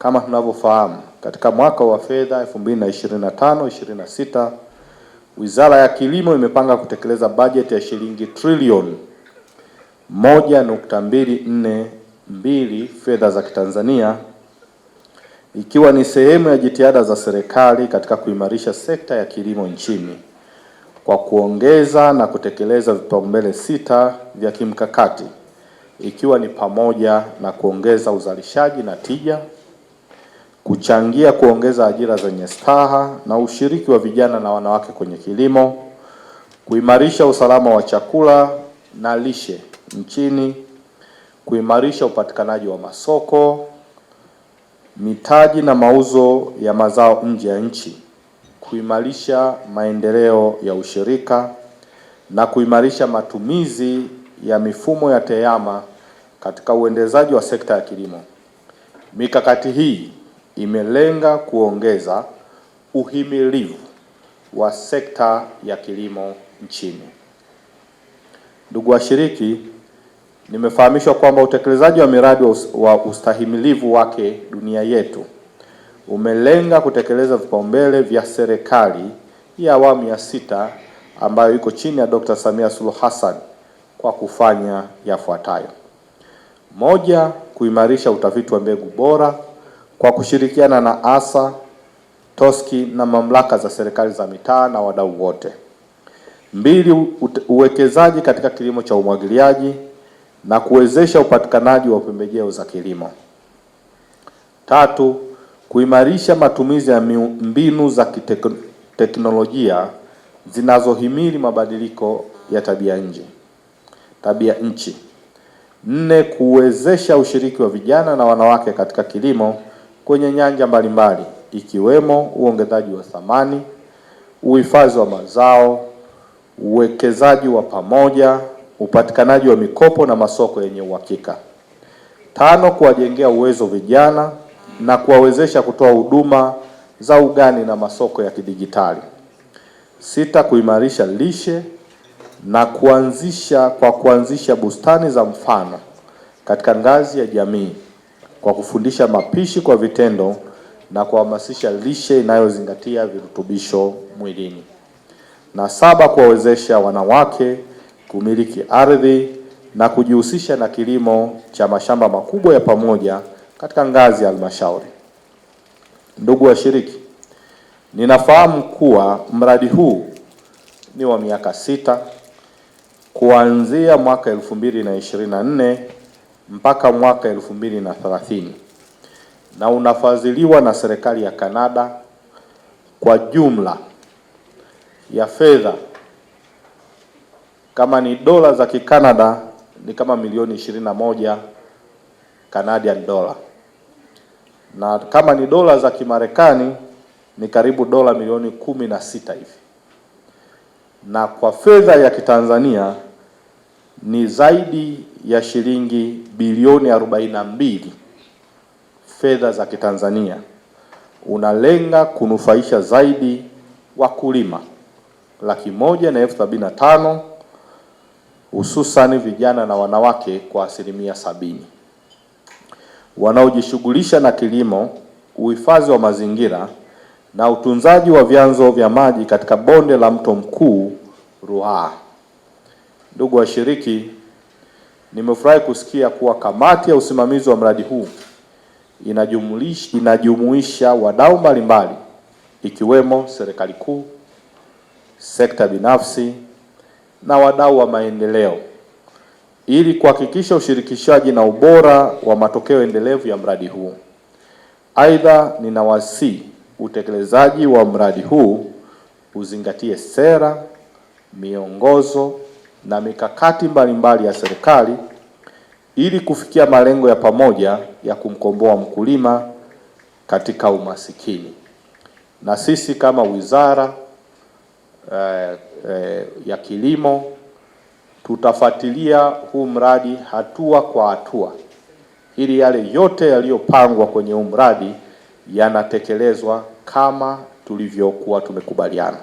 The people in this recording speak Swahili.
Kama tunavyofahamu, katika mwaka wa fedha 2025 26 Wizara ya Kilimo imepanga kutekeleza bajeti ya shilingi trilioni 1.242 fedha za Kitanzania ikiwa ni sehemu ya jitihada za serikali katika kuimarisha sekta ya kilimo nchini kwa kuongeza na kutekeleza vipaumbele sita vya kimkakati ikiwa ni pamoja na kuongeza uzalishaji na tija kuchangia kuongeza ajira zenye staha na ushiriki wa vijana na wanawake kwenye kilimo, kuimarisha usalama wa chakula na lishe nchini, kuimarisha upatikanaji wa masoko, mitaji na mauzo ya mazao nje ya nchi, kuimarisha maendeleo ya ushirika na kuimarisha matumizi ya mifumo ya tehama katika uendelezaji wa sekta ya kilimo. Mikakati hii imelenga kuongeza uhimilivu wa sekta ya kilimo nchini. Ndugu washiriki, nimefahamishwa kwamba utekelezaji wa miradi wa ustahimilivu wake Dunia Yetu umelenga kutekeleza vipaumbele vya serikali ya awamu ya sita ambayo iko chini ya Dr. Samia Suluhu Hassan kwa kufanya yafuatayo: moja, kuimarisha utafiti wa mbegu bora kwa kushirikiana na ASA, toski na mamlaka za serikali za mitaa na wadau wote. Mbili, uwekezaji katika kilimo cha umwagiliaji na kuwezesha upatikanaji wa pembejeo za kilimo. Tatu, kuimarisha matumizi ya mbinu za kiteknolojia zinazohimili mabadiliko ya tabia nje tabia nchi. Nne, kuwezesha ushiriki wa vijana na wanawake katika kilimo kwenye nyanja mbalimbali ikiwemo uongezaji wa thamani, uhifadhi wa mazao, uwekezaji wa pamoja, upatikanaji wa mikopo na masoko yenye uhakika. Tano, kuwajengea uwezo vijana na kuwawezesha kutoa huduma za ugani na masoko ya kidijitali. Sita, kuimarisha lishe na kuanzisha kwa kuanzisha bustani za mfano katika ngazi ya jamii kwa kufundisha mapishi kwa vitendo na kuhamasisha lishe inayozingatia virutubisho mwilini. Na saba, kuwawezesha wanawake kumiliki ardhi na kujihusisha na kilimo cha mashamba makubwa ya pamoja katika ngazi ya halmashauri. Ndugu washiriki, ninafahamu kuwa mradi huu ni wa miaka sita kuanzia mwaka elfu mbili na ishirini na nne mpaka mwaka elfu mbili na thelathini na unafadhiliwa na serikali ya Kanada kwa jumla ya fedha kama ni dola za Kikanada ni kama milioni ishirini na moja Canadian dollar, na kama ni dola za Kimarekani ni karibu dola milioni kumi na sita hivi, na kwa fedha ya Kitanzania ni zaidi ya shilingi bilioni 42 fedha za Kitanzania, unalenga kunufaisha zaidi wakulima laki moja na elfu sabini na tano hususani vijana na wanawake kwa asilimia sabini wanaojishughulisha na kilimo, uhifadhi wa mazingira na utunzaji wa vyanzo vya maji katika bonde la mto mkuu Ruaha. Ndugu washiriki, nimefurahi kusikia kuwa kamati ya usimamizi wa mradi huu inajumulisha, inajumuisha wadau mbalimbali ikiwemo serikali kuu, sekta binafsi na wadau wa maendeleo ili kuhakikisha ushirikishaji na ubora wa matokeo endelevu ya mradi huu. Aidha, ninawasihi utekelezaji wa mradi huu uzingatie sera, miongozo na mikakati mbalimbali ya serikali ili kufikia malengo ya pamoja ya kumkomboa mkulima katika umasikini. Na sisi kama wizara eh, eh, ya kilimo tutafuatilia huu mradi hatua kwa hatua ili yale yote yaliyopangwa kwenye huu mradi yanatekelezwa kama tulivyokuwa tumekubaliana.